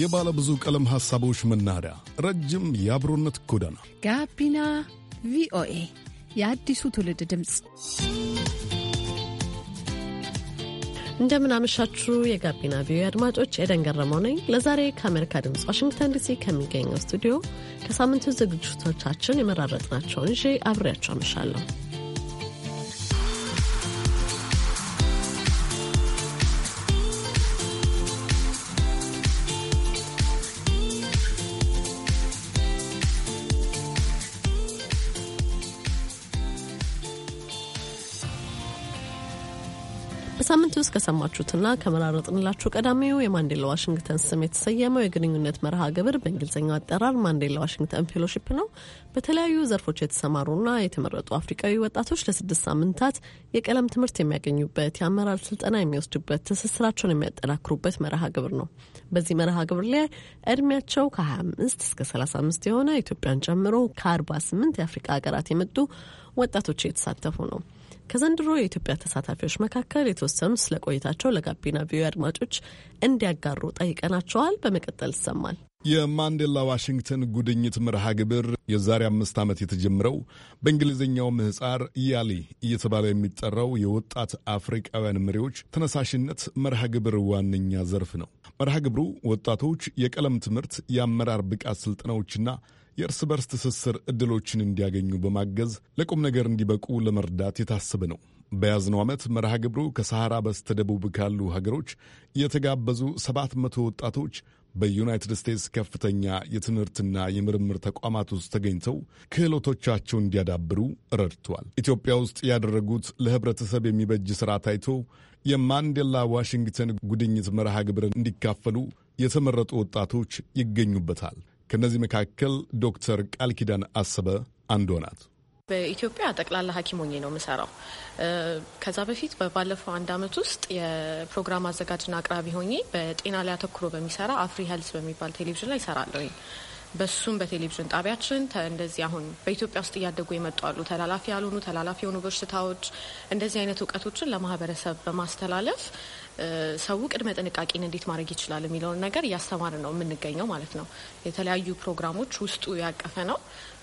የባለ ብዙ ቀለም ሐሳቦች መናኸሪያ፣ ረጅም የአብሮነት ጎዳና ጋቢና ቪኦኤ የአዲሱ ትውልድ ድምፅ። እንደምናመሻችሁ የጋቢና ቪኦኤ አድማጮች፣ ኤደን ገረመው ነኝ። ለዛሬ ከአሜሪካ ድምፅ ዋሽንግተን ዲሲ ከሚገኘው ስቱዲዮ ከሳምንቱ ዝግጅቶቻችን የመራረጥናቸውን ይዤ አብሬያቸው አመሻለሁ። ውስጥ ከሰማችሁትና ከመራረጥንላችሁ ቀዳሚው የማንዴላ ዋሽንግተን ስም የተሰየመው የግንኙነት መርሃ ግብር በእንግሊዝኛው አጠራር ማንዴላ ዋሽንግተን ፌሎሺፕ ነው። በተለያዩ ዘርፎች የተሰማሩና የተመረጡ አፍሪካዊ ወጣቶች ለስድስት ሳምንታት የቀለም ትምህርት የሚያገኙበት፣ የአመራር ስልጠና የሚወስዱበት፣ ትስስራቸውን የሚያጠናክሩበት መርሃ ግብር ነው። በዚህ መርሃ ግብር ላይ እድሜያቸው ከ25 እስከ 35 የሆነ ኢትዮጵያን ጨምሮ ከ48 የአፍሪካ ሀገራት የመጡ ወጣቶች እየተሳተፉ ነው። ከዘንድሮ የኢትዮጵያ ተሳታፊዎች መካከል የተወሰኑ ስለ ቆይታቸው ለጋቢና ቪዮ አድማጮች እንዲያጋሩ ጠይቀናቸዋል። በመቀጠል ይሰማል። የማንዴላ ዋሽንግተን ጉድኝት መርሃ ግብር የዛሬ አምስት ዓመት የተጀመረው በእንግሊዝኛው ምህፃር ያሊ እየተባለ የሚጠራው የወጣት አፍሪቃውያን መሪዎች ተነሳሽነት መርሃ ግብር ዋነኛ ዘርፍ ነው። መርሃ ግብሩ ወጣቶች የቀለም ትምህርት፣ የአመራር ብቃት ስልጠናዎችና የእርስ በርስ ትስስር እድሎችን እንዲያገኙ በማገዝ ለቁም ነገር እንዲበቁ ለመርዳት የታሰበ ነው። በያዝነው ዓመት መርሃ ግብሩ ከሰሐራ በስተደቡብ ካሉ ሀገሮች የተጋበዙ ሰባት መቶ ወጣቶች በዩናይትድ ስቴትስ ከፍተኛ የትምህርትና የምርምር ተቋማት ውስጥ ተገኝተው ክህሎቶቻቸው እንዲያዳብሩ ረድቷል። ኢትዮጵያ ውስጥ ያደረጉት ለህብረተሰብ የሚበጅ ሥራ ታይቶ የማንዴላ ዋሽንግተን ጉድኝት መርሃ ግብርን እንዲካፈሉ የተመረጡ ወጣቶች ይገኙበታል። ከእነዚህ መካከል ዶክተር ቃል ኪዳን አስበ አንዷ ናት። በኢትዮጵያ ጠቅላላ ሐኪም ሆኜ ነው የምሰራው። ከዛ በፊት ባለፈው አንድ አመት ውስጥ የፕሮግራም አዘጋጅና አቅራቢ ሆኜ በጤና ላይ አተኩሮ በሚሰራ አፍሪ ሄልስ በሚባል ቴሌቪዥን ላይ ይሰራለሁኝ። በሱም በቴሌቪዥን ጣቢያችን እንደዚህ አሁን በኢትዮጵያ ውስጥ እያደጉ የመጡ አሉ ተላላፊ ያልሆኑ ተላላፊ የሆኑ በሽታዎች እንደዚህ አይነት እውቀቶችን ለማህበረሰብ በማስተላለፍ ሰው ቅድመ ጥንቃቄን እንዴት ማድረግ ይችላል የሚለውን ነገር እያስተማር ነው የምንገኘው ማለት ነው። የተለያዩ ፕሮግራሞች ውስጡ ያቀፈ ነው።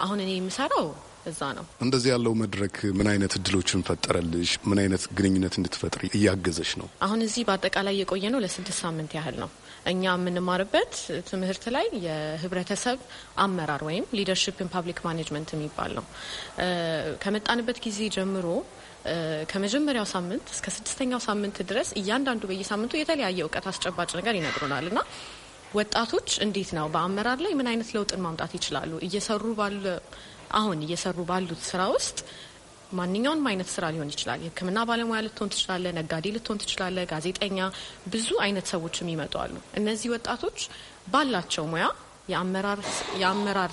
አሁን እኔ የምሰራው እዛ ነው። እንደዚህ ያለው መድረክ ምን አይነት እድሎችን ፈጠረልሽ? ምን አይነት ግንኙነት እንድትፈጥር እያገዘች ነው? አሁን እዚህ በአጠቃላይ የቆየ ነው ለስድስት ሳምንት ያህል ነው። እኛ የምንማርበት ትምህርት ላይ የህብረተሰብ አመራር ወይም ሊደርሽፕ ፐብሊክ ፓብሊክ ማኔጅመንት የሚባል ነው። ከመጣንበት ጊዜ ጀምሮ ከመጀመሪያው ሳምንት እስከ ስድስተኛው ሳምንት ድረስ እያንዳንዱ በየሳምንቱ የተለያየ እውቀት አስጨባጭ ነገር ይነግሩናል እና ወጣቶች እንዴት ነው በአመራር ላይ ምን አይነት ለውጥን ማምጣት ይችላሉ እየሰሩ ባሉ አሁን እየሰሩ ባሉት ስራ ውስጥ ማንኛውንም አይነት ስራ ሊሆን ይችላል። የሕክምና ባለሙያ ልትሆን ትችላለ፣ ነጋዴ ልትሆን ትችላለ፣ ጋዜጠኛ፣ ብዙ አይነት ሰዎች የሚመጡ እነዚህ ወጣቶች ባላቸው ሙያ የአመራር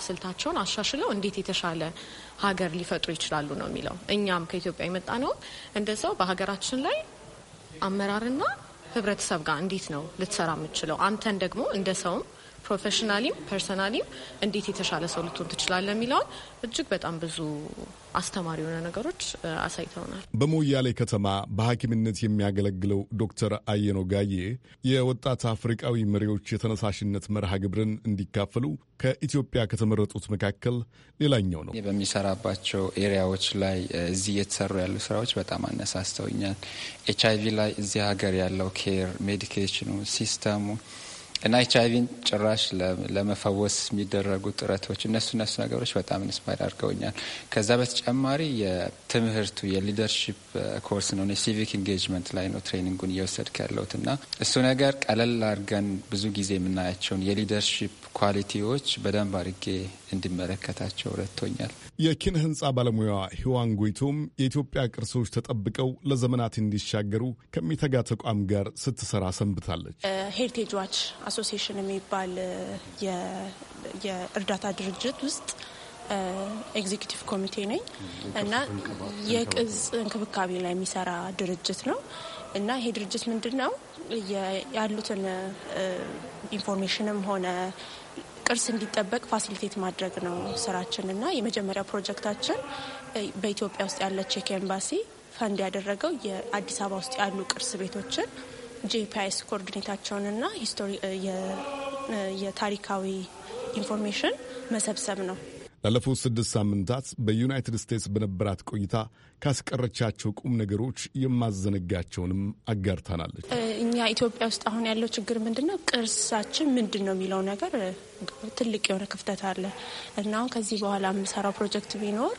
ስልታቸውን አሻሽለው እንዴት የተሻለ ሀገር ሊፈጥሩ ይችላሉ ነው የሚለው። እኛም ከኢትዮጵያ የመጣ ነው እንደዛው በሀገራችን ላይ አመራርና ህብረተሰብ ጋር እንዴት ነው ልትሰራ የምችለው አንተን ደግሞ እንደ ሰውም ፕሮፌሽናሊም ፐርሰናሊም እንዴት የተሻለ ሰው ልትሆን ትችላለ የሚለውን እጅግ በጣም ብዙ አስተማሪ የሆነ ነገሮች አሳይተውናል። በሞያሌ ከተማ በሐኪምነት የሚያገለግለው ዶክተር አየኖ ጋዬ የወጣት አፍሪቃዊ መሪዎች የተነሳሽነት መርሃ ግብርን እንዲካፈሉ ከኢትዮጵያ ከተመረጡት መካከል ሌላኛው ነው። በሚሰራባቸው ኤሪያዎች ላይ እዚህ እየተሰሩ ያሉ ስራዎች በጣም አነሳስተውኛል። ኤች አይቪ ላይ እዚህ ሀገር ያለው ኬር ሜዲኬሽኑ ሲስተሙ እና ኤች አይቪን ጭራሽ ለመፈወስ የሚደረጉ ጥረቶች እነሱ እነሱ ነገሮች በጣም ኢንስፓይር አድርገውኛል። ከዛ በተጨማሪ የትምህርቱ የሊደርሽፕ ኮርስ ነው ሲቪክ ኢንጌጅመንት ላይ ነው ትሬኒንጉን እየወሰድክ ያለሁት እና እሱ ነገር ቀለል አድርገን ብዙ ጊዜ የምናያቸውን የሊደርሽፕ ኳሊቲዎች በደንብ አድርጌ እንዲመለከታቸው ረድቶኛል። የኪነ ህንፃ ባለሙያዋ ሂዋን ጎይቶም የኢትዮጵያ ቅርሶች ተጠብቀው ለዘመናት እንዲሻገሩ ከሚተጋ ተቋም ጋር ስትሰራ ሰንብታለች። ሄሪቴጅ ዋች አሶሲሽን የሚባል የእርዳታ ድርጅት ውስጥ ኤግዚኪቲቭ ኮሚቴ ነኝ እና የቅጽ እንክብካቤ ላይ የሚሰራ ድርጅት ነው እና ይሄ ድርጅት ምንድን ነው ያሉትን ኢንፎርሜሽንም ሆነ ቅርስ እንዲጠበቅ ፋሲሊቴት ማድረግ ነው ስራችን እና የመጀመሪያ ፕሮጀክታችን በኢትዮጵያ ውስጥ ያለ ቼክ ኤምባሲ ፈንድ ያደረገው የአዲስ አበባ ውስጥ ያሉ ቅርስ ቤቶችን ጂፒኤስ ኮኦርዲኔታቸውንና የታሪካዊ ኢንፎርሜሽን መሰብሰብ ነው። ላለፉት ስድስት ሳምንታት በዩናይትድ ስቴትስ በነበራት ቆይታ ካስቀረቻቸው ቁም ነገሮች የማዘነጋቸውንም አጋርታናለች። እኛ ኢትዮጵያ ውስጥ አሁን ያለው ችግር ምንድን ነው፣ ቅርሳችን ምንድን ነው የሚለው ነገር ትልቅ የሆነ ክፍተት አለ እና አሁን ከዚህ በኋላ የምሰራው ፕሮጀክት ቢኖር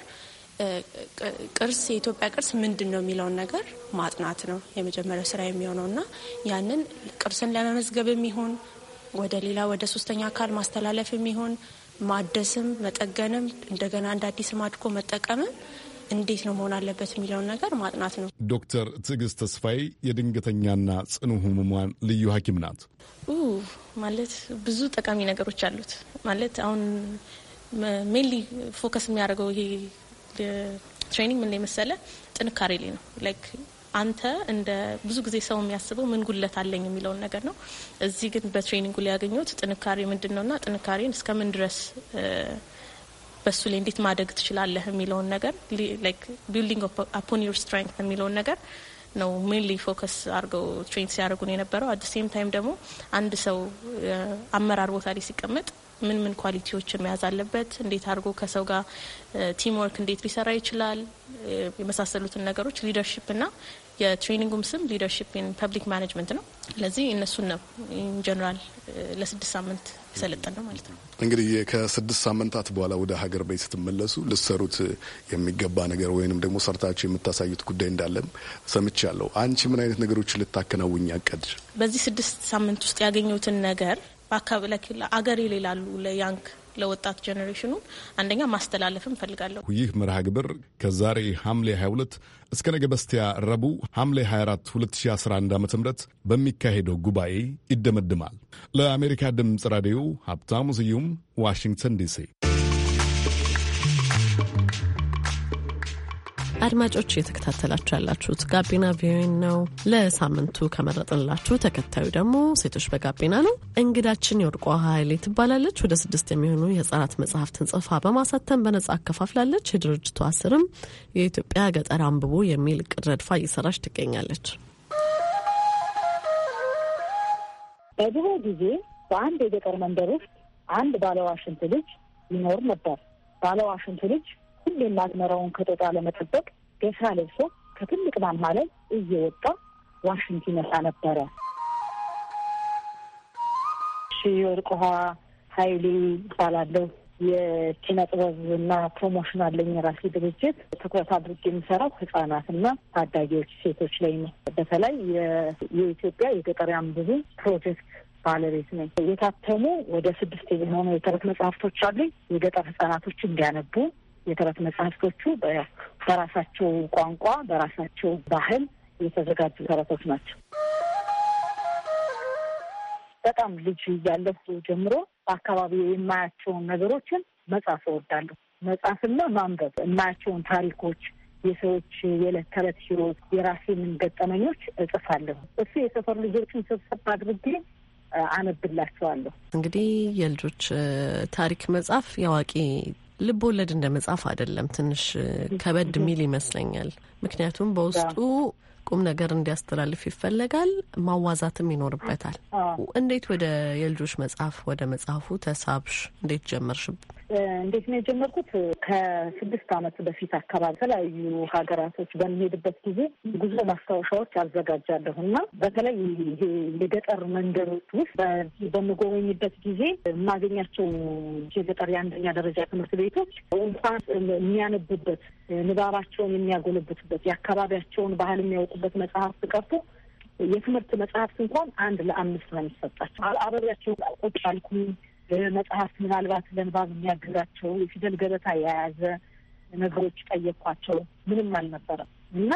ቅርስ የኢትዮጵያ ቅርስ ምንድን ነው የሚለውን ነገር ማጥናት ነው የመጀመሪያው ስራ የሚሆነው እና ያንን ቅርስን ለመመዝገብ የሚሆን ወደ ሌላ ወደ ሶስተኛ አካል ማስተላለፍ የሚሆን ማደስም መጠገንም እንደገና እንደ አዲስም አድጎ መጠቀምም እንዴት ነው መሆን አለበት የሚለውን ነገር ማጥናት ነው። ዶክተር ትዕግስት ተስፋዬ የድንገተኛና ጽኑ ህሙማን ልዩ ሐኪም ናት። ማለት ብዙ ጠቃሚ ነገሮች አሉት። ማለት አሁን ሜንሊ ፎከስ የሚያደርገው ይሄ ትሬኒንግ ምን ላይ መሰለ ጥንካሬ ላይ ነው ላይክ አንተ እንደ ብዙ ጊዜ ሰው የሚያስበው ምን ጉለት አለኝ የሚለውን ነገር ነው። እዚህ ግን በትሬኒንጉ ላይ ያገኘሁት ጥንካሬ ምንድን ነውና ጥንካሬን እስከምን ድረስ በሱ ላይ እንዴት ማደግ ትችላለህ የሚለውን ነገር ቢልዲንግ አፖን ዩር ስትሬንግት የሚለውን ነገር ነው ሜንሊ ፎከስ አድርገው ትሬን ሲያደርጉን የነበረው። አት ሴም ታይም ደግሞ አንድ ሰው አመራር ቦታ ላይ ሲቀመጥ ምን ምን ኳሊቲዎችን መያዝ አለበት፣ እንዴት አድርጎ ከሰው ጋር ቲም ወርክ እንዴት ሊሰራ ይችላል፣ የመሳሰሉትን ነገሮች ሊደርሽፕ እና የትሬኒንጉም ስም ሊደርሽፕ ኢን ፐብሊክ ማኔጅመንት ነው። ስለዚህ እነሱን ነው ኢንጀነራል ለስድስት ሳምንት የሰለጠን ነው ማለት ነው። እንግዲህ ከስድስት ሳምንታት በኋላ ወደ ሀገር ቤት ስትመለሱ ልትሰሩት የሚገባ ነገር ወይንም ደግሞ ሰርታችሁ የምታሳዩት ጉዳይ እንዳለም ሰምቻለሁ። አንቺ ምን አይነት ነገሮች ልታከናውኝ ያቀድ? በዚህ ስድስት ሳምንት ውስጥ ያገኘሁትን ነገር በአካባቢ አገሬ ሌላሉ ለያንክ ለወጣት ጀኔሬሽኑ አንደኛ ማስተላለፍ እንፈልጋለሁ። ይህ መርሃ ግብር ከዛሬ ሐምሌ 22 እስከ ነገ በስቲያ ረቡዕ ሐምሌ 24 2011 ዓ ም በሚካሄደው ጉባኤ ይደመድማል። ለአሜሪካ ድምፅ ራዲዮ ሀብታሙ ስዩም ዋሽንግተን ዲሲ አድማጮች እየተከታተላችሁ ያላችሁት ጋቢና ቪኦኤ ነው። ለሳምንቱ ከመረጥንላችሁ ተከታዩ ደግሞ ሴቶች በጋቢና ነው። እንግዳችን የወርቋ ኃይሌ ትባላለች። ወደ ስድስት የሚሆኑ የህጻናት መጽሐፍትን ጽፋ በማሳተም በነጻ አከፋፍላለች። የድርጅቷ ስርም የኢትዮጵያ ገጠር አንብቦ የሚል እቅድ ረድፋ እየሰራች ትገኛለች። በድሮ ጊዜ በአንድ የገጠር መንደር ውስጥ አንድ ባለዋሽንት ልጅ ይኖር ነበር። ባለዋሽንት ልጅ ሁሌም አዝመራውን ከጦጣ ለመጠበቅ ገሳ ለብሶ ከትልቅ ማማ ላይ እየወጣ ዋሽንት ይመሳ ነበረ። የወርቅ ውሃ ኃይሌ ይባላለሁ። የኪነ ጥበብና ፕሮሞሽን አለኝ የራሴ ድርጅት። ትኩረት አድርጌ የሚሰራው ህጻናትና ታዳጊዎች ሴቶች ላይ ነው። በተለይ የኢትዮጵያ የገጠሪያን ብዙ ፕሮጀክት ባለቤት ነኝ። የታተሙ ወደ ስድስት የሚሆኑ የተረት መጽሐፍቶች አሉኝ። የገጠር ህጻናቶች እንዲያነቡ የተረት መጽሐፍቶቹ በራሳቸው ቋንቋ በራሳቸው ባህል የተዘጋጁ ተረቶች ናቸው። በጣም ልጅ እያለሁ ጀምሮ በአካባቢ የማያቸውን ነገሮችን መጻፍ እወዳለሁ። መጻፍና ማንበብ የማያቸውን ታሪኮች፣ የሰዎች የዕለት ተዕለት ህይወት፣ የራሴን ገጠመኞች እጽፋለሁ። እሱ የሰፈር ልጆችን ስብሰብ አድርጌ አነብላቸዋለሁ። እንግዲህ የልጆች ታሪክ መጻፍ የአዋቂ ልብ ወለድ እንደ መጻፍ አይደለም። ትንሽ ከበድ የሚል ይመስለኛል። ምክንያቱም በውስጡ ቁም ነገር እንዲያስተላልፍ ይፈለጋል፣ ማዋዛትም ይኖርበታል። እንዴት ወደ የልጆች መጽሐፍ ወደ መጽሐፉ ተሳብሽ? እንዴት ጀመርሽብ? እንዴት ነው የጀመርኩት? ከስድስት አመት በፊት አካባቢ የተለያዩ ሀገራቶች በሚሄድበት ጊዜ ጉዞ ማስታወሻዎች አዘጋጃለሁ እና በተለይ የገጠር መንደሮች ውስጥ በምጎበኝበት ጊዜ የማገኛቸው የገጠር የአንደኛ ደረጃ ትምህርት ቤቶች እንኳን የሚያነቡበት ንባባቸውን የሚያጎለብቱበት የአካባቢያቸውን ባህል የሚያውቁበት መጽሐፍ ቀርቶ የትምህርት መጽሐፍት እንኳን አንድ ለአምስት ነው የሚሰጣቸው። አበሪያቸው ቁጭ አልኩኝ። መጽሐፍ ምናልባት ለንባብ የሚያግዛቸው የፊደል ገበታ የያዘ ነገሮች ጠየቅኳቸው። ምንም አልነበረም እና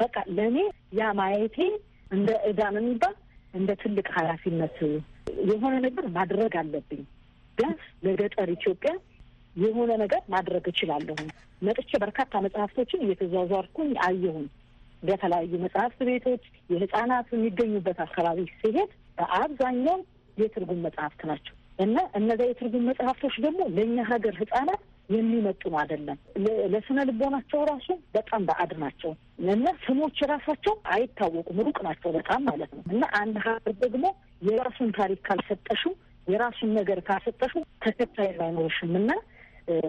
በቃ ለእኔ ያ ማየቴ እንደ እዳ ምንባል የሚባል እንደ ትልቅ ኃላፊነት የሆነ ነገር ማድረግ አለብኝ። ቢያንስ ለገጠር ኢትዮጵያ የሆነ ነገር ማድረግ እችላለሁ። መጥቼ በርካታ መጽሐፍቶችን እየተዟዟርኩኝ አየሁኝ። በተለያዩ መጽሐፍት ቤቶች የህፃናት የሚገኙበት አካባቢ ሲሄድ በአብዛኛው የትርጉም መጽሐፍት ናቸው። እና እነዛ የትርጉም መጽሐፍቶች ደግሞ ለእኛ ሀገር ህጻናት የሚመጡም አይደለም። ለስነ ልቦናቸው ራሱ በጣም በአድ ናቸው እና ስሞች ራሳቸው አይታወቁም፣ ሩቅ ናቸው በጣም ማለት ነው። እና አንድ ሀገር ደግሞ የራሱን ታሪክ ካልሰጠሹ፣ የራሱን ነገር ካልሰጠሹ ተከታይ ላይኖርሽም እና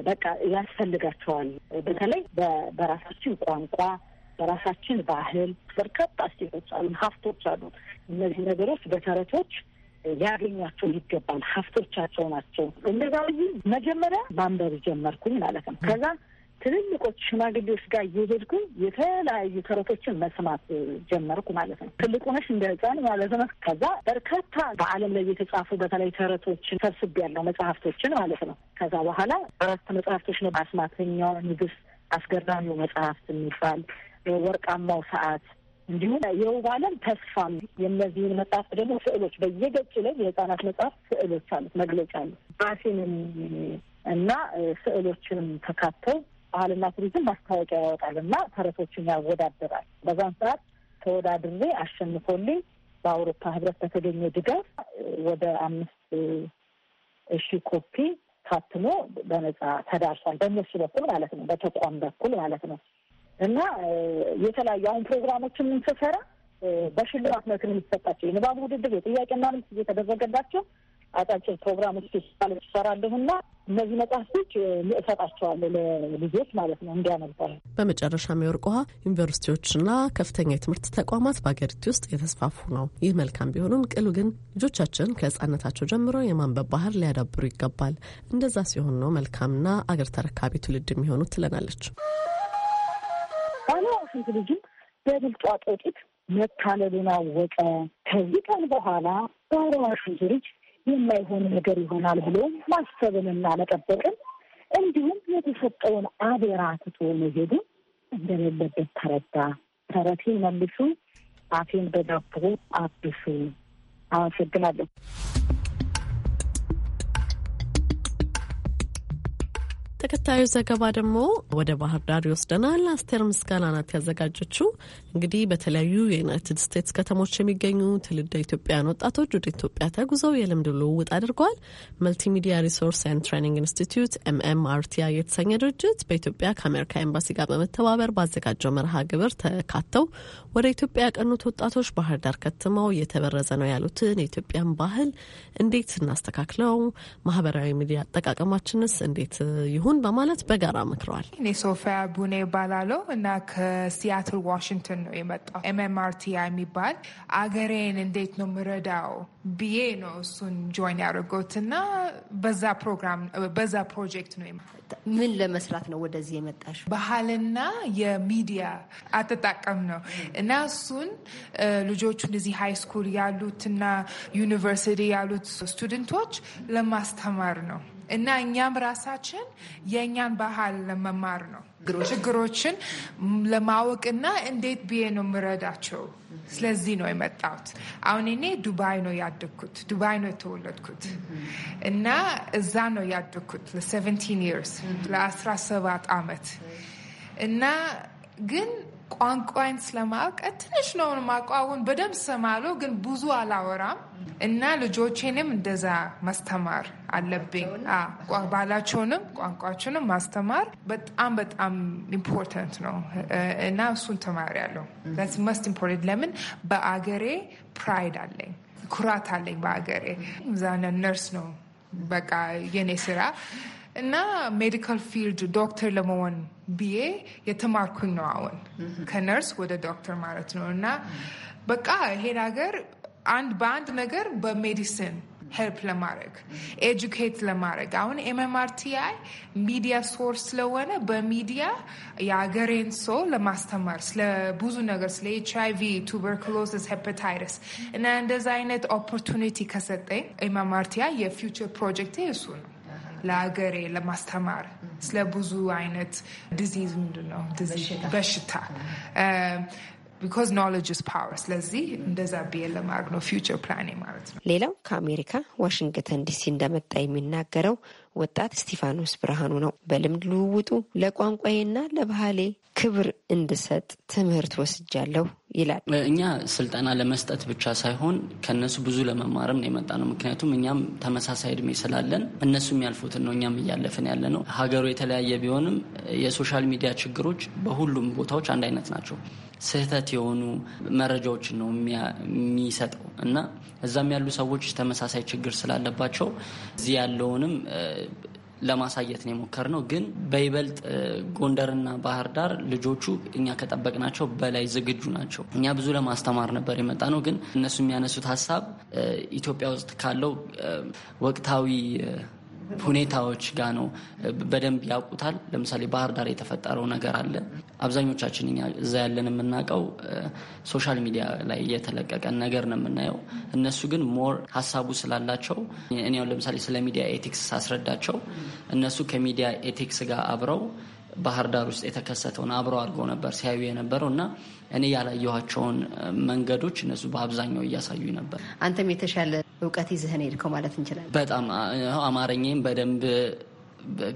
በቃ ያስፈልጋቸዋል። በተለይ በራሳችን ቋንቋ፣ በራሳችን ባህል በርካታ እሴቶች አሉ፣ ሀብቶች አሉ። እነዚህ ነገሮች በተረቶች ሊያገኛቸው ይገባል። ሀብቶቻቸው ናቸው። እንደዛ መጀመሪያ ማንበብ ጀመርኩኝ ማለት ነው። ከዛ ትልልቆች ሽማግሌዎች ጋር እየሄድኩ የተለያዩ ተረቶችን መስማት ጀመርኩ ማለት ነው። ትልቁ ነሽ እንደ ህፃን ማለት ነው። ከዛ በርካታ በዓለም ላይ የተጻፉ በተለይ ተረቶችን ሰብስብ ያለው መጽሐፍቶችን ማለት ነው። ከዛ በኋላ አራት መጽሐፍቶች ነው አስማተኛው ንግሥት፣ አስገራሚው መጽሐፍት የሚባል፣ ወርቃማው ሰዓት እንዲሁም የውብ ዓለም ተስፋም የእነዚህን መጽሐፍ ደግሞ ስዕሎች በየገጭ ላይ የህጻናት መጽሐፍ ስዕሎች አሉት፣ መግለጫ አሉት። ራሴንም እና ስዕሎችንም ተካተው ባህልና ቱሪዝም ማስታወቂያ ያወጣል እና ተረቶችን ያወዳደራል። በዛን ሰዓት ተወዳድሬ አሸንፎልኝ በአውሮፓ ህብረት በተገኘ ድጋፍ ወደ አምስት እሺ ኮፒ ታትሞ በነጻ ተዳርሷል። በእነሱ በኩል ማለት ነው፣ በተቋም በኩል ማለት ነው። እና የተለያዩ አሁን ፕሮግራሞችን ስንሰራ በሽልማት መልክ ነው የሚሰጣቸው። የንባብ ውድድር የጥያቄና መልስ እየተደረገላቸው አጫጭር ፕሮግራሞች ይሰራለሁ ይሰራለሁና እነዚህ መጽሐፍቶች እሰጣቸዋለሁ ለልጆች ማለት ነው እንዲያነባ። በመጨረሻም የወርቅ ውሃ ዩኒቨርሲቲዎችና ከፍተኛ የትምህርት ተቋማት በሀገሪቱ ውስጥ የተስፋፉ ነው። ይህ መልካም ቢሆንም ቅሉ ግን ልጆቻችን ከህጻነታቸው ጀምሮ የማንበብ ባህር ሊያዳብሩ ይገባል። እንደዛ ሲሆን ነው መልካምና አገር ተረካቢ ትውልድ የሚሆኑት ትለናለች። ባለ ዋሽንት ልጅም በብልጧ ጦጢት መታለሉን አወቀ። ከዚህ ቀን በኋላ ባለዋ ዋሽንት ልጅ የማይሆን ነገር ይሆናል ብሎ ማሰብንና መጠበቅን እንዲሁም የተሰጠውን አደራ ትቶ መሄዱ እንደሌለበት ተረዳ። ተረቴ መልሱ፣ አፌን በዳቦ አብሱ። አመሰግናለሁ። ተከታዩ ዘገባ ደግሞ ወደ ባህር ዳር ይወስደናል። አስቴር ምስጋና ናት ያዘጋጀችው። እንግዲህ በተለያዩ የዩናይትድ ስቴትስ ከተሞች የሚገኙ ትውልደ ኢትዮጵያውያን ወጣቶች ወደ ኢትዮጵያ ተጉዘው የልምድ ልውውጥ አድርገዋል። መልቲሚዲያ ሪሶርስ ኤንድ ትሬኒንግ ኢንስቲትዩት ኤምኤምአርቲያ የተሰኘ ድርጅት በኢትዮጵያ ከአሜሪካ ኤምባሲ ጋር በመተባበር ባዘጋጀው መርሃ ግብር ተካተው ወደ ኢትዮጵያ ያቀኑት ወጣቶች ባህር ዳር ከትመው እየተበረዘ ነው ያሉትን የኢትዮጵያን ባህል እንዴት እናስተካክለው፣ ማህበራዊ ሚዲያ አጠቃቀማችንስ እንዴት ይሁን ይሁን በማለት በጋራ መክረዋል። እኔ ሶፊያ ቡኔ ይባላለው እና ከሲያትል ዋሽንግተን ነው የመጣው። ኤምኤምአርቲ የሚባል አገሬን እንዴት ነው ምረዳው ብዬ ነው እሱን ጆይን ያደርጎት እና በዛ ፕሮግራም በዛ ፕሮጀክት ነው ምን ለመስራት ነው ወደዚህ የመጣሽ? ባህልና የሚዲያ አተጣቀም ነው እና እሱን ልጆቹን እዚህ ሀይ ስኩል ያሉትና ዩኒቨርሲቲ ያሉት ስቱደንቶች ለማስተማር ነው እና እኛም ራሳችን የእኛን ባህል ለመማር ነው ችግሮችን ለማወቅና እንዴት ብዬ ነው የምረዳቸው። ስለዚህ ነው የመጣሁት። አሁን እኔ ዱባይ ነው ያደግኩት፣ ዱባይ ነው የተወለድኩት እና እዛ ነው ያደግኩት ለ17 ይርስ ለ17 ዓመት እና ግን ቋንቋን ስለማወቅ ትንሽ ነው አሁን በደንብ ሰማሎ፣ ግን ብዙ አላወራም እና ልጆቼንም እንደዛ ማስተማር አለብኝ። ባህላቸውንም ቋንቋቸውንም ማስተማር በጣም በጣም ኢምፖርታንት ነው እና እሱን ተማሪያለሁ። መስት ኢምፖርታንት ለምን በአገሬ ፕራይድ አለኝ፣ ኩራት አለኝ በአገሬ። ዛነ ነርስ ነው በቃ የኔ ስራ እና ሜዲካል ፊልድ ዶክተር ለመሆን ብዬ የተማርኩኝ ነው። አሁን ከነርስ ወደ ዶክተር ማለት ነው። እና በቃ ይሄን ሀገር አንድ በአንድ ነገር በሜዲሲን ሄልፕ ለማድረግ ኤጁኬት ለማድረግ አሁን ኤምኤምአርቲአይ ሚዲያ ሶርስ ስለሆነ በሚዲያ የአገሬን ሰው ለማስተማር ስለብዙ ነገር ስለ ኤች አይ ቪ፣ ቱበርኩሎሲስ፣ ሄፐታይተስ እና እንደዚ አይነት ኦፖርቱኒቲ ከሰጠኝ ኤምኤምአርቲአይ የፊውቸር ፕሮጀክቴ እሱ ነው። ለሀገሬ ለማስተማር ስለ ብዙ አይነት ዲዚዝ ምንድን ነው በሽታ ቢኮዝ ኖሌጅ ኢዝ ፓወር። ስለዚህ እንደዛ ብዬ ለማድረግ ነው ፊውቸር ፕላኔ ማለት ነው። ሌላው ከአሜሪካ ዋሽንግተን ዲሲ እንደመጣ የሚናገረው ወጣት እስቲፋኖስ ብርሃኑ ነው። በልምድ ልውውጡ ለቋንቋዬና ለባህሌ ክብር እንድሰጥ ትምህርት ወስጃለሁ ይላል። እኛ ስልጠና ለመስጠት ብቻ ሳይሆን ከእነሱ ብዙ ለመማርም ነው የመጣ ነው። ምክንያቱም እኛም ተመሳሳይ እድሜ ስላለን እነሱ የሚያልፉትን ነው እኛም እያለፍን ያለ ነው። ሀገሩ የተለያየ ቢሆንም የሶሻል ሚዲያ ችግሮች በሁሉም ቦታዎች አንድ አይነት ናቸው። ስህተት የሆኑ መረጃዎችን ነው የሚሰጠው እና እዛም ያሉ ሰዎች ተመሳሳይ ችግር ስላለባቸው እዚህ ያለውንም ለማሳየት ነው የሞከርነው። ግን በይበልጥ ጎንደርና ባህር ዳር ልጆቹ እኛ ከጠበቅናቸው በላይ ዝግጁ ናቸው። እኛ ብዙ ለማስተማር ነበር የመጣ ነው። ግን እነሱ የሚያነሱት ሀሳብ ኢትዮጵያ ውስጥ ካለው ወቅታዊ ሁኔታዎች ጋር ነው በደንብ ያውቁታል። ለምሳሌ ባህር ዳር የተፈጠረው ነገር አለ። አብዛኞቻችን እዛ ያለን የምናውቀው ሶሻል ሚዲያ ላይ የተለቀቀን ነገር ነው የምናየው። እነሱ ግን ሞር ሀሳቡ ስላላቸው እኔ ለምሳሌ ስለ ሚዲያ ኤቲክስ ሳስረዳቸው እነሱ ከሚዲያ ኤቲክስ ጋር አብረው ባህር ዳር ውስጥ የተከሰተውን አብሮ አድርገው ነበር ሲያዩ የነበረው እና እኔ ያላየኋቸውን መንገዶች እነሱ በአብዛኛው እያሳዩ ነበር። አንተም የተሻለ እውቀት ይዘህን ሄድከው ማለት እንችላለን። በጣም አማርኛም በደንብ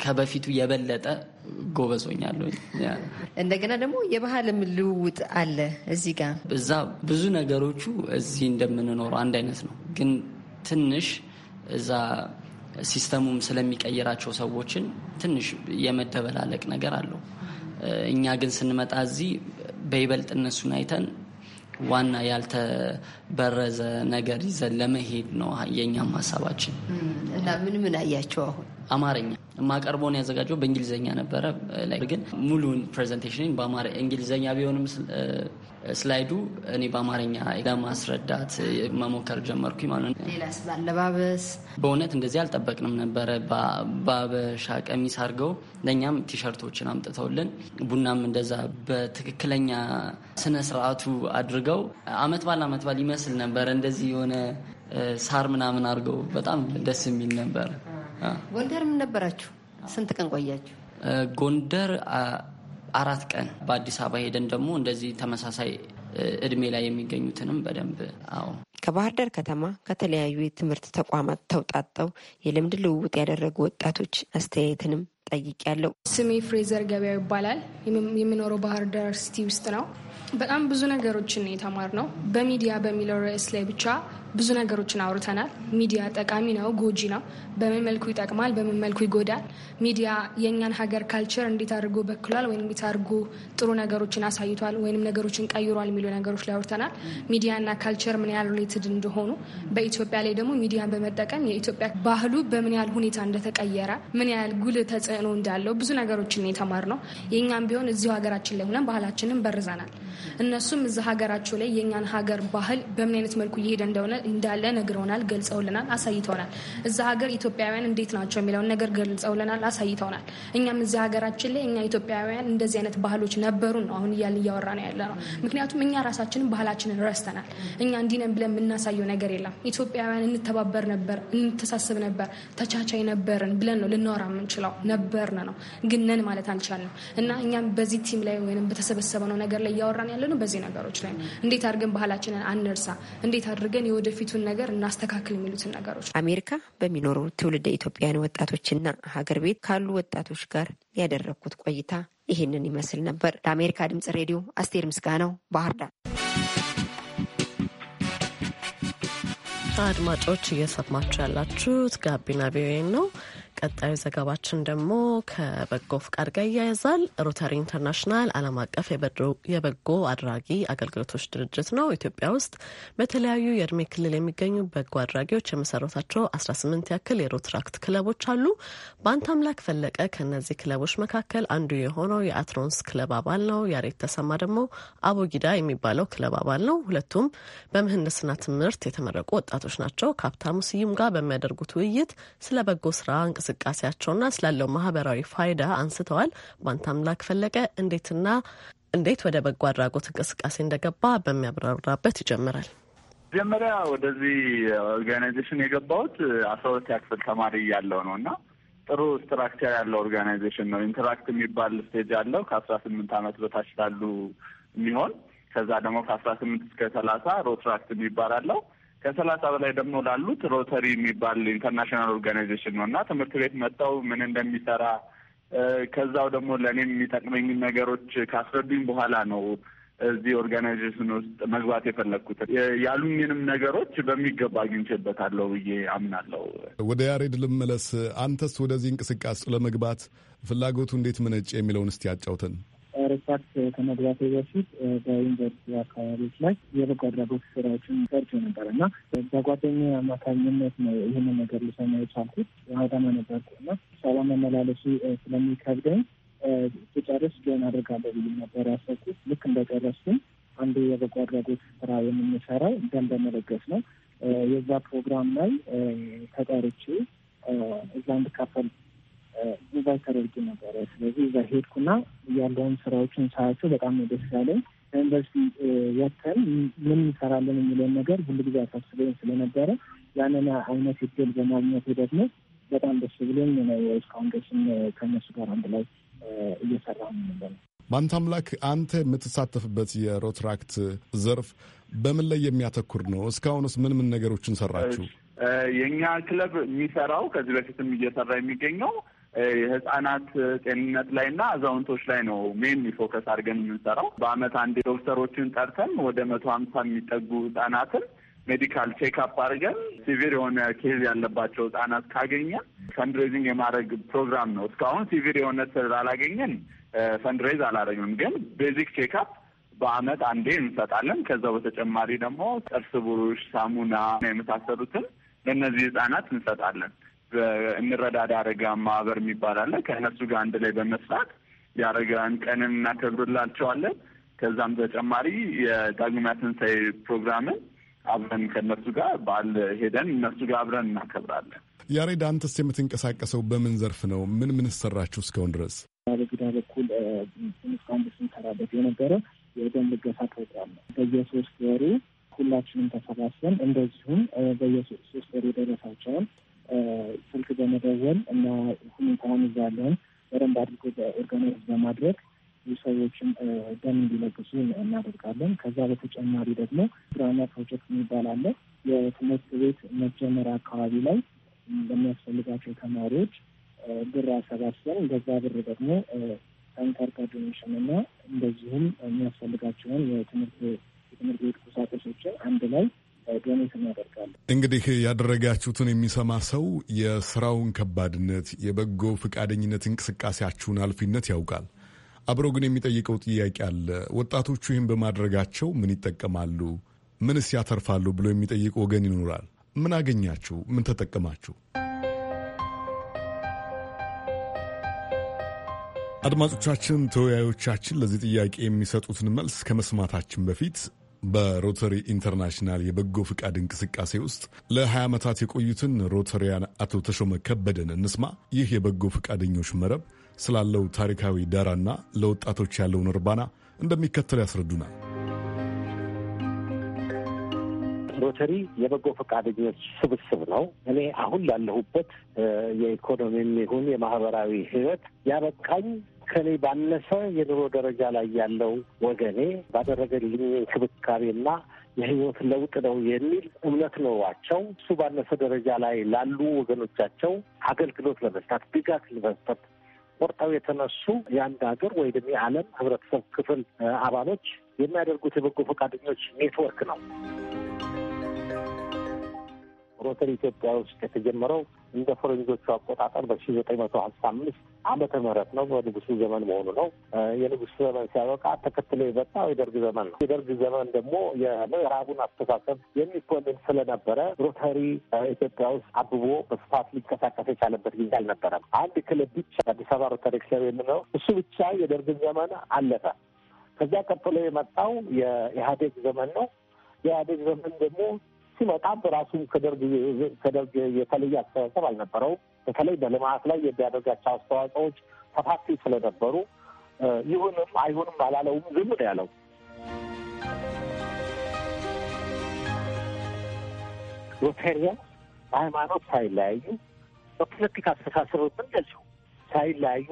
ከበፊቱ የበለጠ ጎበዞኛለሁ። እንደገና ደግሞ የባህልም ልውውጥ አለ እዚህ ጋር። እዛ ብዙ ነገሮቹ እዚህ እንደምንኖረው አንድ አይነት ነው፣ ግን ትንሽ እዛ ሲስተሙም ስለሚቀይራቸው ሰዎችን ትንሽ የመደበላለቅ ነገር አለው። እኛ ግን ስንመጣ እዚህ በይበልጥ እነሱን አይተን ዋና ያልተበረዘ ነገር ይዘን ለመሄድ ነው የእኛም ሀሳባችን። እና ምን ምን አያቸው? አሁን አማርኛ የማቀርበውን ያዘጋጀው በእንግሊዝኛ ነበረ፣ ግን ሙሉን ፕሬዘንቴሽን በእንግሊዝኛ ቢሆንም ስላይዱ እኔ በአማርኛ ለማስረዳት መሞከር ጀመርኩ ማለት ነው። ሌላስ ባለባበስ በእውነት እንደዚህ አልጠበቅንም ነበረ። ባበሻ ቀሚስ አድርገው ለእኛም ቲሸርቶችን አምጥተውልን ቡናም እንደዛ በትክክለኛ ስነ ስርዓቱ አድርገው አመት ባል አመት ባል ይመስል ነበረ። እንደዚህ የሆነ ሳር ምናምን አድርገው በጣም ደስ የሚል ነበር ጎንደር ምን ነበራችሁ? ስንት ቀን ቆያችሁ ጎንደር? አራት ቀን በአዲስ አበባ ሄደን ደግሞ እንደዚህ ተመሳሳይ እድሜ ላይ የሚገኙትንም በደንብ አዎ ከባህር ዳር ከተማ ከተለያዩ የትምህርት ተቋማት ተውጣጠው የልምድ ልውውጥ ያደረጉ ወጣቶች አስተያየትንም ጠይቅ ያለው ስሜ ፍሬዘር ገበያው ይባላል። የምኖረው ባህር ዳር ሲቲ ውስጥ ነው። በጣም ብዙ ነገሮችን የተማር ነው። በሚዲያ በሚለው ርዕስ ላይ ብቻ ብዙ ነገሮችን አውርተናል። ሚዲያ ጠቃሚ ነው፣ ጎጂ ነው፣ በምን መልኩ ይጠቅማል፣ በምን መልኩ ይጎዳል፣ ሚዲያ የእኛን ሀገር ካልቸር እንዴት አድርጎ በክሏል ወይም እንዴት አድርጎ ጥሩ ነገሮችን አሳይቷል ወይም ነገሮችን ቀይሯል የሚሉ ነገሮች ላይ አውርተናል። ሚዲያና ካልቸር ምን ያህል ሪሌትድ እንደሆኑ፣ በኢትዮጵያ ላይ ደግሞ ሚዲያን በመጠቀም የኢትዮጵያ ባህሉ በምን ያህል ሁኔታ እንደተቀየረ፣ ምን ያህል ጉል ተጽዕኖ እንዳለው ብዙ ነገሮችን የተማርነው የእኛም ቢሆን እዚሁ ሀገራችን ላይ ሆነን ባህላችንን በርዘናል። እነሱም እዚ ሀገራቸው ላይ የእኛን ሀገር ባህል በምን አይነት መልኩ እየሄደ እንደሆነ እንዳለ ነግረውናል፣ ገልጸውልናል፣ አሳይተውናል። እዛ ሀገር ኢትዮጵያውያን እንዴት ናቸው የሚለውን ነገር ገልጸውልናል፣ አሳይተውናል። እኛም እዚህ ሀገራችን ላይ እኛ ኢትዮጵያውያን እንደዚህ አይነት ባህሎች ነበሩ ነው አሁን እያልን እያወራ ነው ያለ ነው። ምክንያቱም እኛ ራሳችንን ባህላችንን ረስተናል። እኛ እንዲነን ብለን የምናሳየው ነገር የለም። ኢትዮጵያውያን እንተባበር ነበር፣ እንተሳስብ ነበር፣ ተቻቻይ ነበርን ብለን ነው ልናወራ የምንችለው። ነበርን ነው ግነን ማለት አልቻልንም። እና እኛም በዚህ ቲም ላይ ወይም በተሰበሰበ ነው ነገር ላይ እያወራን ያለ ነው በዚህ ነገሮች ላይ እንዴት አድርገን ባህላችንን አንርሳ፣ እንዴት አድርገን የወደ የወደፊቱን ነገር እናስተካክል የሚሉትን ነገሮች አሜሪካ በሚኖሩ ትውልደ ኢትዮጵያውያን ወጣቶችና ሀገር ቤት ካሉ ወጣቶች ጋር ያደረግኩት ቆይታ ይህንን ይመስል ነበር። ለአሜሪካ ድምጽ ሬዲዮ አስቴር ምስጋናው ባህር ዳር። አድማጮች እየሰማችሁ ያላችሁት ጋቢና ቪኦኤ ነው። ቀጣዩ ዘገባችን ደግሞ ከበጎ ፍቃድ ጋር እያያዛል። ሮታሪ ኢንተርናሽናል ዓለም አቀፍ የበጎ አድራጊ አገልግሎቶች ድርጅት ነው። ኢትዮጵያ ውስጥ በተለያዩ የእድሜ ክልል የሚገኙ በጎ አድራጊዎች የመሰረታቸው 18 ያክል የሮትራክት ክለቦች አሉ። በአንተ አምላክ ፈለቀ ከእነዚህ ክለቦች መካከል አንዱ የሆነው የአትሮንስ ክለብ አባል ነው። ያሬት ተሰማ ደግሞ አቦጊዳ የሚባለው ክለብ አባል ነው። ሁለቱም በምህንድስና ትምህርት የተመረቁ ወጣቶች ናቸው። ከሀብታሙ ስዩም ጋር በሚያደርጉት ውይይት ስለ በጎ ስራ እንቅስ እንቅስቃሴያቸውና ስላለው ማህበራዊ ፋይዳ አንስተዋል። አምላክ ፈለቀ እንዴትና እንዴት ወደ በጎ አድራጎት እንቅስቃሴ እንደገባ በሚያብራራበት ይጀምራል። መጀመሪያ ወደዚህ ኦርጋናይዜሽን የገባሁት አስራ ሁለት ያክፍል ተማሪ እያለሁ ነው እና ጥሩ ስትራክቸር ያለው ኦርጋናይዜሽን ነው። ኢንተራክት የሚባል ስቴጅ አለው ከአስራ ስምንት ዓመት በታች ላሉ የሚሆን ከዛ ደግሞ ከአስራ ስምንት እስከ ሰላሳ ሮትራክት የሚባል አለው ከሰላሳ በላይ ደግሞ ላሉት ሮተሪ የሚባል ኢንተርናሽናል ኦርጋናይዜሽን ነው እና ትምህርት ቤት መጥተው ምን እንደሚሰራ ከዛው ደግሞ ለእኔም የሚጠቅመኝ ነገሮች ካስረዱኝ በኋላ ነው እዚህ ኦርጋናይዜሽን ውስጥ መግባት የፈለግኩት ያሉኝንም ነገሮች በሚገባ አግኝቼበታለሁ ብዬ አምናለሁ። ወደ ያሬድ ልመለስ። አንተስ ወደዚህ እንቅስቃሴ ለመግባት ፍላጎቱ እንዴት መነጭ የሚለውን እስቲ ያጫውተን። ሪፓርት ከመግባቴ በፊት በዩኒቨርሲቲ አካባቢዎች ላይ የበጎ አድራጎት ስራዎችን ሰርቼ ነበር እና በጓደኛ አማካኝነት ነው ይህን ነገር ልሰማ የቻልኩት። አዳማ ነበርኩ እና ሰላም መመላለሱ ስለሚከብደኝ ስጨርስ ጆን አድርጋለሁ ብዬ ነበር ያሰብኩት። ልክ እንደጨረስኩም አንዱ የበጎ አድራጎት ስራ የምንሰራው ደም በመለገስ ነው። የዛ ፕሮግራም ላይ ተጠርቼ እዛ እንድካፈል ኢንቫይት ተደርጊ ነበረ። ስለዚህ እዛ ሄድኩና ያለውን ስራዎችን ሳያቸው በጣም ደስ ያለኝ። ዩኒቨርሲቲ ወጥተን ምን እንሰራለን የሚለውን ነገር ሁሉ ጊዜ አሳስበኝ ስለነበረ ያንን አይነት እድል በማግኘት ደግሞ በጣም ደስ ብሎኝ ነው እስካሁን ደስም ከእነሱ ጋር አንድ ላይ እየሰራ ነው። በአንተ አምላክ አንተ የምትሳተፍበት የሮትራክት ዘርፍ በምን ላይ የሚያተኩር ነው? እስካሁንስ ምን ምን ነገሮችን ሰራችሁ? የእኛ ክለብ የሚሰራው ከዚህ በፊትም እየሰራ የሚገኘው የህጻናት ጤንነት ላይ እና አዛውንቶች ላይ ነው ሜን ፎከስ አድርገን የምንሰራው። በአመት አንዴ ዶክተሮችን ጠርተን ወደ መቶ ሀምሳ የሚጠጉ ህጻናትን ሜዲካል ቼክአፕ አድርገን ሲቪር የሆነ ኬዝ ያለባቸው ህጻናት ካገኘ ፈንድሬዚንግ የማድረግ ፕሮግራም ነው። እስካሁን ሲቪር የሆነ ስር አላገኘን ፈንድሬዝ አላደረግንም፣ ግን ቤዚክ ቼክአፕ በአመት አንዴ እንሰጣለን። ከዛ በተጨማሪ ደግሞ ጥርስ ብሩሽ፣ ሳሙና የመሳሰሉትን ለእነዚህ ህጻናት እንሰጣለን። እንረዳዳ አረጋን ማህበር የሚባል አለ። ከእነሱ ጋር አንድ ላይ በመስራት የአረጋን ቀንን እናከብርላቸዋለን። ከዛም ተጨማሪ የዳግማዊ ትንሣኤ ፕሮግራምን አብረን ከእነሱ ጋር በዓል ሄደን እነሱ ጋር አብረን እናከብራለን። ያሬድ፣ አንተስ የምትንቀሳቀሰው በምን ዘርፍ ነው? ምን ምን ሰራችሁ እስካሁን ድረስ? በግዳ በኩል እስካሁን ስንሰራበት የነበረ የደም ልገሳ ፕሮግራም ነው። በየሶስት ወሩ ሁላችንም ተሰባስበን እንደዚሁም በየሶስት ወሩ የደረሳቸውን ስልክ በመደወል እና ሁኔታውን እዛ ያለውን በደንብ አድርጎ በኦርጋናይዝ በማድረግ ብዙ ሰዎችን ደም እንዲለግሱ እናደርጋለን። ከዛ በተጨማሪ ደግሞ ድራማ ፕሮጀክት የሚባል አለ። የትምህርት ቤት መጀመሪያ አካባቢ ላይ ለሚያስፈልጋቸው ተማሪዎች ብር አሰባስበን በዛ ብር ደግሞ ሰንተር ዶኔሽን እና እንደዚሁም የሚያስፈልጋቸውን የትምህርት ቤት ቁሳቁሶችን አንድ ላይ ዶኔት እናደርጋለን። እንግዲህ ያደረጋችሁትን የሚሰማ ሰው የስራውን ከባድነት፣ የበጎ ፈቃደኝነት እንቅስቃሴያችሁን አልፊነት ያውቃል። አብሮ ግን የሚጠይቀው ጥያቄ አለ። ወጣቶቹ ይህን በማድረጋቸው ምን ይጠቀማሉ፣ ምንስ ያተርፋሉ ብሎ የሚጠይቅ ወገን ይኖራል። ምን አገኛችሁ? ምን ተጠቀማችሁ? አድማጮቻችን፣ ተወያዮቻችን ለዚህ ጥያቄ የሚሰጡትን መልስ ከመስማታችን በፊት በሮተሪ ኢንተርናሽናል የበጎ ፍቃድ እንቅስቃሴ ውስጥ ለ20 ዓመታት የቆዩትን ሮተሪያን አቶ ተሾመ ከበደን እንስማ። ይህ የበጎ ፍቃደኞች መረብ ስላለው ታሪካዊ ዳራና ለወጣቶች ያለውን እርባና እንደሚከተል ያስረዱናል። ሮተሪ የበጎ ፈቃደኞች ስብስብ ነው። እኔ አሁን ላለሁበት የኢኮኖሚም ይሁን የማህበራዊ ህይወት ያበቃኝ ከእኔ ባነሰ የኑሮ ደረጃ ላይ ያለው ወገኔ ባደረገልኝ እንክብካቤና የህይወት ለውጥ ነው የሚል እምነት ኖሯቸው እሱ ባነሰ ደረጃ ላይ ላሉ ወገኖቻቸው አገልግሎት ለመስጠት ድጋፍ ለመስጠት ቆርጠው የተነሱ የአንድ ሀገር ወይም የዓለም ህብረተሰብ ክፍል አባሎች የሚያደርጉት የበጎ ፈቃደኞች ኔትወርክ ነው። ሮተሪ ኢትዮጵያ ውስጥ የተጀመረው እንደ ፈረንጆቹ አቆጣጠር በሺ ዘጠኝ መቶ ሀምሳ አምስት ዓመተ ምህረት ነው። በንጉሱ ዘመን መሆኑ ነው። የንጉሱ ዘመን ሲያበቃ ተከትሎ የመጣው የደርግ ዘመን ነው። የደርግ ዘመን ደግሞ የምዕራቡን አስተሳሰብ የሚኮንን ስለነበረ ሮተሪ ኢትዮጵያ ውስጥ አብቦ በስፋት ሊንቀሳቀስ የቻለበት ጊዜ አልነበረም። አንድ ክለብ ብቻ አዲስ አበባ ሮተሪ ክለብ የምንለው እሱ ብቻ የደርግ ዘመን አለፈ። ከዚያ ቀጥሎ የመጣው የኢህአዴግ ዘመን ነው። የኢህአዴግ ዘመን ደግሞ ሲመጣ በራሱ ከደርግ የተለየ አስተሳሰብ አልነበረው። በተለይ በልማት ላይ የሚያደርጋቸው አስተዋጽኦዎች ሰፋፊ ስለነበሩ ይሁንም አይሁንም አላለውም፣ ዝም ነው ያለው። ሎቴሪያ በሃይማኖት ሳይለያዩ በፖለቲካ አስተሳሰብ ምንደልሰው ሳይለያዩ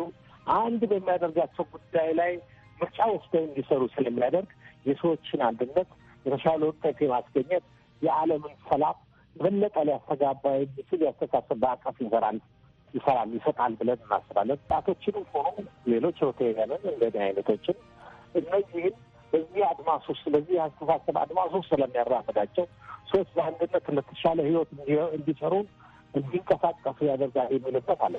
አንድ በሚያደርጋቸው ጉዳይ ላይ ምርጫ ወስደው እንዲሰሩ ስለሚያደርግ የሰዎችን አንድነት የተሻለ ውጤት የማስገኘት የዓለምን ሰላም የበለጠ ሊያስተጋባ የሚችል ያስተሳሰብ በአቀፍ ይሰራል ይሰራል ይሰጣል ብለን እናስባለን። ጣቶችንም ሆኖ ሌሎች ሆቴልን እንደዚህ አይነቶችን እነዚህን በዚህ አድማስ ውስጥ በዚህ አስተሳሰብ አድማስ ውስጥ ስለሚያራምዳቸው ሶስት በአንድነት ለተሻለ ህይወት እንዲሰሩ እንዲንቀሳቀሱ ያደርጋል የሚልበት አለ።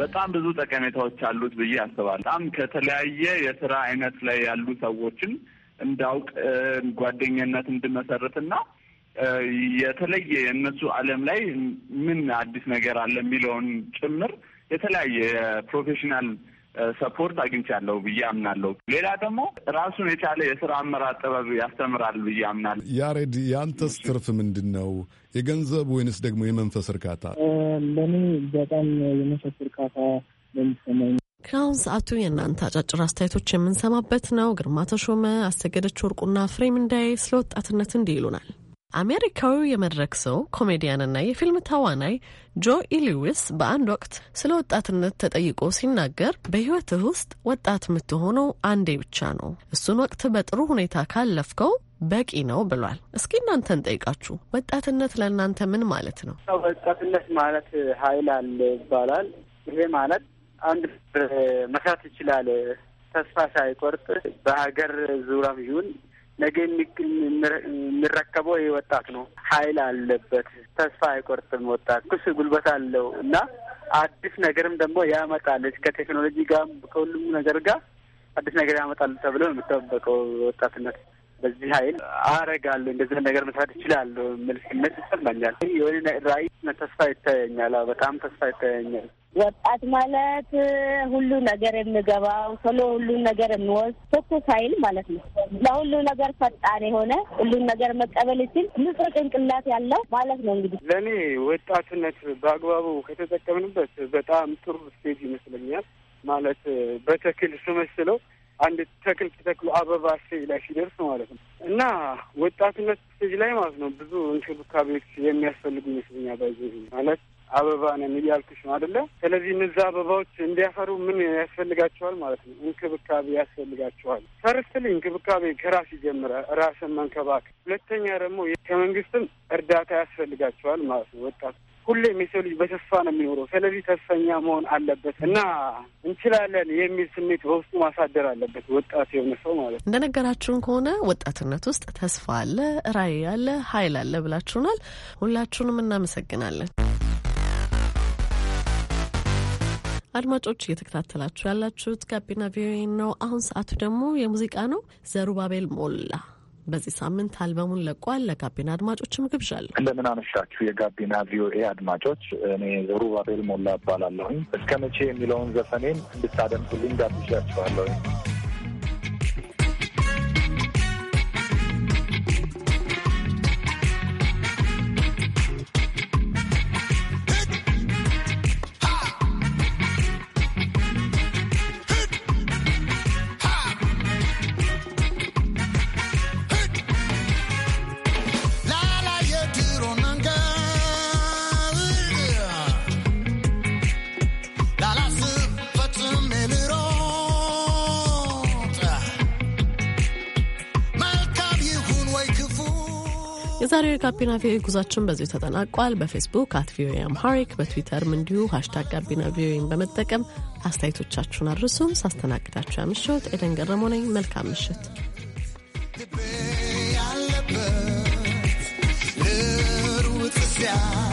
በጣም ብዙ ጠቀሜታዎች አሉት ብዬ አስባለሁ። በጣም ከተለያየ የስራ አይነት ላይ ያሉ ሰዎችን እንዳውቅ ጓደኝነት እንድመሰርትና የተለየ የእነሱ ዓለም ላይ ምን አዲስ ነገር አለ የሚለውን ጭምር የተለያየ ፕሮፌሽናል ሰፖርት አግኝቻለሁ ብዬ አምናለሁ። ሌላ ደግሞ ራሱን የቻለ የስራ አመራር ጥበብ ያስተምራል ብዬ አምናለሁ። ያሬድ፣ የአንተስ ትርፍ ምንድን ነው? የገንዘብ ወይንስ ደግሞ የመንፈስ እርካታ? ለእኔ በጣም የመንፈስ እርካታ ለሚሰማኝ ከአሁን ሰዓቱ የእናንተ አጫጭር አስተያየቶች የምንሰማበት ነው። ግርማ ተሾመ፣ አሰገደች ወርቁና ፍሬም እንዳይ ስለ ወጣትነት እንዲህ ይሉናል። አሜሪካዊው የመድረክ ሰው ኮሜዲያንና የፊልም ተዋናይ ጆ ኢሊዊስ በአንድ ወቅት ስለ ወጣትነት ተጠይቆ ሲናገር በሕይወትህ ውስጥ ወጣት የምትሆነው አንዴ ብቻ ነው፣ እሱን ወቅት በጥሩ ሁኔታ ካለፍከው በቂ ነው ብሏል። እስኪ እናንተን ጠይቃችሁ ወጣትነት ለእናንተ ምን ማለት ነው? ወጣትነት ማለት ኃይል አለ ይባላል። ይሄ ማለት አንድ መስራት ይችላል። ተስፋ ሳይቆርጥ በሀገር ዙሪያም ይሁን ነገ የሚረከበው ይህ ወጣት ነው። ኃይል አለበት። ተስፋ አይቆርጥም። ወጣት ክስ ጉልበት አለው እና አዲስ ነገርም ደግሞ ያመጣለች ከቴክኖሎጂ ጋር ከሁሉም ነገር ጋር አዲስ ነገር ያመጣል ተብሎ ነው ወጣትነት በዚህ ኃይል አረጋለሁ እንደዚህ ነገር መስራት ይችላለሁ የሚል ስሜት ይሰማኛል። የሆነ ራዕይ ተስፋ ይታየኛል። በጣም ተስፋ ይታየኛል። ወጣት ማለት ሁሉ ነገር የምገባው ቶሎ ሁሉን ነገር የሚወስድ ትኩስ ኃይል ማለት ነው። ለሁሉ ነገር ፈጣን የሆነ ሁሉን ነገር መቀበል ይችል ንጹህ ጭንቅላት ያለው ማለት ነው። እንግዲህ ለእኔ ወጣትነት በአግባቡ ከተጠቀምንበት በጣም ጥሩ ስቴጅ ይመስለኛል። ማለት በተክል ስመስለው አንድ ተክል ተተክሎ አበባ ስቴጅ ላይ ሲደርስ ማለት ነው እና ወጣትነት ስቴጅ ላይ ማለት ነው ብዙ እንክብካቤዎች የሚያስፈልጉ ይመስለኛል። ባይዘ ማለት አበባ ነን እያልኩሽ ነው አደለ? ስለዚህ እነዚ አበባዎች እንዲያፈሩ ምን ያስፈልጋቸዋል ማለት ነው? እንክብካቤ ያስፈልጋቸዋል። ፈርስትል እንክብካቤ ከራስ ይጀምረ ራስን መንከባከብ። ሁለተኛ ደግሞ ከመንግስትም እርዳታ ያስፈልጋቸዋል ማለት ነው ወጣት ሁሌም የሰው ልጅ በተስፋ ነው የሚኖረው። ስለዚህ ተስፈኛ መሆን አለበት እና እንችላለን የሚል ስሜት በውስጡ ማሳደር አለበት ወጣት የሆነ ሰው ማለት ነው። እንደነገራችሁን ከሆነ ወጣትነት ውስጥ ተስፋ አለ፣ ራዕይ አለ፣ ኃይል አለ ብላችሁናል። ሁላችሁንም እናመሰግናለን። አድማጮች እየተከታተላችሁ ያላችሁት ጋቢና ቪኦኤ ነው። አሁን ሰዓቱ ደግሞ የሙዚቃ ነው። ዘሩባቤል ሞላ በዚህ ሳምንት አልበሙን ለቋል። ለጋቢና አድማጮችም ግብዣለሁ። እንደምን አመሻችሁ የጋቢና ቪኦኤ አድማጮች፣ እኔ ዘሩባቤል ሞላ እባላለሁኝ። እስከ መቼ የሚለውን ዘፈኔን እንድታደምጡልኝ ጋብዣችኋለሁኝ። የዛሬው የጋቢና ቪኦኤ ጉዟችን በዚሁ ተጠናቋል። በፌስቡክ አት ቪኦኤ አምሃሪክ በትዊተርም እንዲሁ ሀሽታግ ጋቢና ቪኦኤን በመጠቀም አስተያየቶቻችሁን አድርሱም። ሳስተናግዳችሁ ያምሽት ኤደን ገረሞነኝ። መልካም ምሽት ያለበት